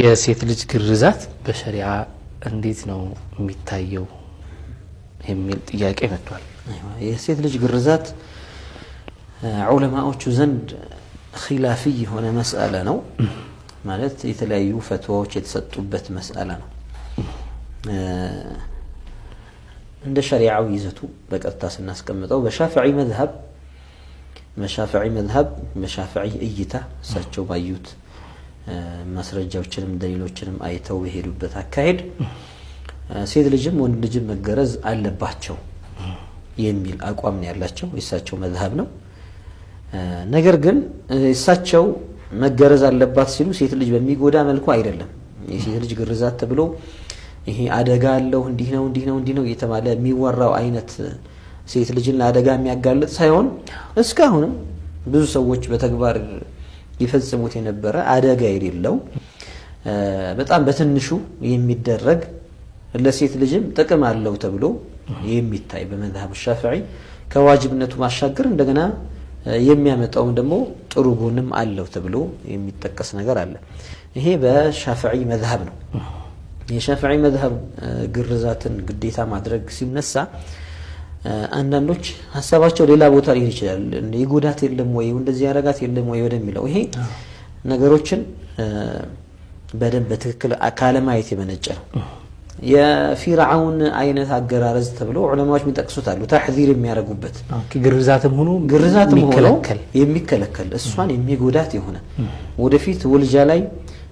የሴት ልጅ ግርዛት በሸሪዓ እንዴት ነው የሚታየው የሚል ጥያቄ መጥቷል። የሴት ልጅ ግርዛት ዑለማዎቹ ዘንድ ኪላፊ የሆነ መስአለ ነው። ማለት የተለያዩ ፈትዋዎች የተሰጡበት መስአለ ነው። እንደ ሸሪዓዊ ይዘቱ በቀጥታ ስናስቀምጠው በሻፍዒ መዝሀብ በሻፍዒ መዝሀብ በሻፍዒ እይታ እሳቸው ባዩት ማስረጃዎችንም ደሊሎችንም አይተው የሄዱበት አካሄድ ሴት ልጅም ወንድ ልጅም መገረዝ አለባቸው የሚል አቋም ነው ያላቸው። የእሳቸው መዝሀብ ነው። ነገር ግን እሳቸው መገረዝ አለባት ሲሉ ሴት ልጅ በሚጎዳ መልኩ አይደለም። የሴት ልጅ ግርዛት ተብሎ ይሄ አደጋ አለው እንዲህ ነው እንዲህ ነው እንዲህ ነው እየተባለ የሚወራው አይነት ሴት ልጅን ለአደጋ የሚያጋልጥ ሳይሆን እስካሁንም ብዙ ሰዎች በተግባር ይፈጽሙት የነበረ አደጋ የሌለው በጣም በትንሹ የሚደረግ ለሴት ልጅም ጥቅም አለው ተብሎ የሚታይ በመዝሀቡ ሻፊዒ ከዋጅብነቱ ማሻገር እንደገና የሚያመጣውም ደግሞ ጥሩ ጎንም አለው ተብሎ የሚጠቀስ ነገር አለ። ይሄ በሻፊዒ መዝሀብ ነው። የሻፊዒ መዝሀብ ግርዛትን ግዴታ ማድረግ ሲነሳ አንዳንዶች ሀሳባቸው ሌላ ቦታ ሊሄድ ይችላል። የጎዳት የለም ወይ እንደዚህ ያረጋት የለም ወይ ወደሚለው ይሄ ነገሮችን በደንብ በትክክል ካለማየት የመነጨ ነው። የፊርዓውን አይነት አገራረዝ ተብሎ ዑለማዎች የሚጠቅሱት አሉ። ታሕዚር የሚያደርጉበት ግርዛትም ሆኖ ግርዛትም ሆኖ የሚከለከል እሷን የሚጎዳት የሆነ ወደፊት ወልጃ ላይ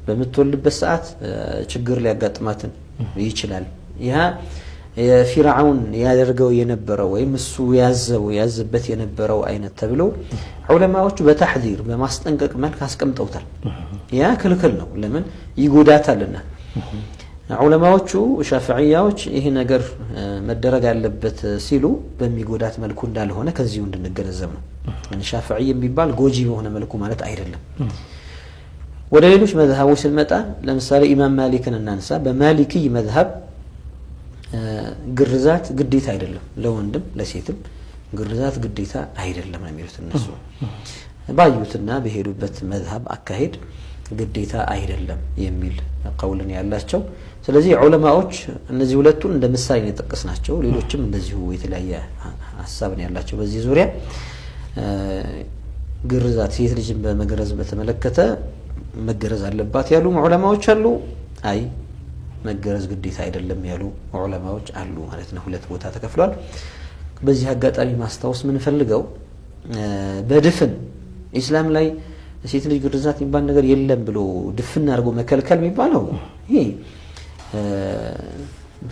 በምትወልድበት ሰዓት ችግር ሊያጋጥማትን ይችላል። የፊርዓውን ያደርገው የነበረው ወይም እሱ ያዘው ያዘበት የነበረው አይነት ተብለው ዑለማዎቹ በታሕዚር በማስጠንቀቅ መልክ አስቀምጠውታል። ያ ክልክል ነው። ለምን ይጎዳታልና። ዑለማዎቹ ሻፍዕያዎች ይህ ነገር መደረግ አለበት ሲሉ በሚጎዳት መልኩ እንዳልሆነ ከዚሁ እንድንገነዘብ ነው። ሻፍዕይ የሚባል ጎጂ በሆነ መልኩ ማለት አይደለም። ወደ ሌሎች መዝሃቦች ስንመጣ ለምሳሌ ኢማም ማሊክን እናንሳ። በማሊክይ መዝሃብ ግርዛት ግዴታ አይደለም፣ ለወንድም ለሴትም ግርዛት ግዴታ አይደለም ነው የሚሉት እነሱ። ባዩትና በሄዱበት መዝሀብ አካሄድ ግዴታ አይደለም የሚል ቀውልን ያላቸው። ስለዚህ ዑለማዎች እነዚህ ሁለቱን እንደ ምሳሌ ነው ናቸው ሌሎችም እንደዚሁ የተለያየ ሀሳብ ነው ያላቸው በዚህ ዙሪያ። ግርዛት ሴት ልጅን በመገረዝ በተመለከተ መገረዝ አለባት ያሉ ዑለማዎች አሉ። አይ መገረዝ ግዴታ አይደለም ያሉ ዑለማዎች አሉ ማለት ነው። ሁለት ቦታ ተከፍሏል። በዚህ አጋጣሚ ማስታወስ ምንፈልገው በድፍን ኢስላም ላይ ሴት ልጅ ግርዛት የሚባል ነገር የለም ብሎ ድፍን አድርጎ መከልከል የሚባለው ይሄ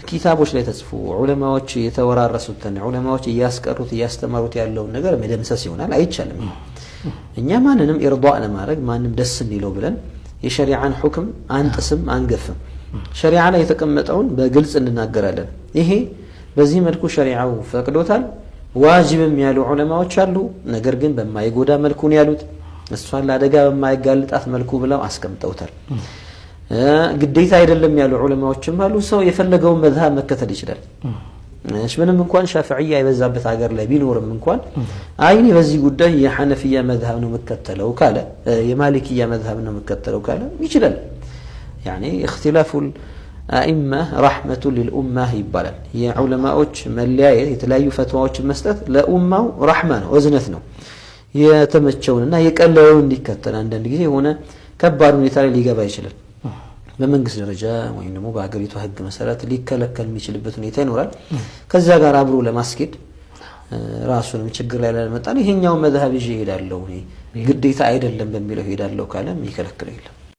ኪታቦች ላይ ተጽፎ ዑለማዎች የተወራረሱትን ዑለማዎች እያስቀሩት እያስተማሩት ያለውን ነገር መደምሰስ ይሆናል። አይቻልም። እኛ ማንንም ኢርዷ ለማድረግ ማንም ደስ እንዲለው ብለን የሸሪዓን ሁክም አንጥስም፣ አንገፍም። ሸሪዓ ላይ የተቀመጠውን በግልጽ እንናገራለን። ይሄ በዚህ መልኩ ሸሪዓው ፈቅዶታል ዋጅብም ያሉ ዑለማዎች አሉ። ነገር ግን በማይጎዳ መልኩ ነው ያሉት። እሷን ለአደጋ በማይጋልጣት መልኩ ብለው አስቀምጠውታል። ግዴታ አይደለም ያሉ ዑለማዎችም አሉ። ሰው የፈለገውን መዝሃብ መከተል ይችላል። ምንም እንኳን ሻፍዕያ የበዛበት ሀገር ላይ ቢኖርም እንኳን አይኔ በዚህ ጉዳይ የሐነፍያ መዝሃብ ነው የምከተለው ካለ የማሊክያ መዝሃብ ነው የምከተለው ካለ ይችላል። እክትላፉ አኢማ ራሕመቱ ልልኡማ ይባላል። የዑለማዎች መለያየት፣ የተለያዩ ፈትዋዎችን መስጠት ለኡማው ራሕማ ነው፣ እዝነት ነው። የተመቸውንና የቀለለውን እንዲከተል አንዳንድ ጊዜ የሆነ ከባድ ሁኔታ ላይ ሊገባ ይችላል። በመንግስት ደረጃ ወይም ደግሞ በሀገሪቱ ሕግ መሰረት ሊከለከል የሚችልበት ሁኔታ ይኖራል። ከዛ ጋር አብሮ ለማስኬድ ራሱንም ችግር ላይ ላለመጣል ይሄኛውን መዝሀብ ይዤ እሄዳለሁ ግዴታ አይደለም በሚለው እሄዳለሁ ካለ የሚከለክለው የለም።